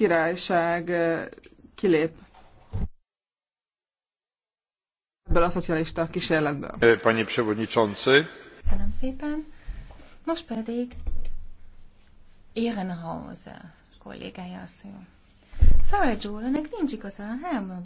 Királyság kilép ebből a szocialista kísérletből. E, panie Przewodniczący. Köszönöm szépen. Most pedig Ehrenhauser kollégája a szó. Farage úr, ennek nincs igaza, elmondom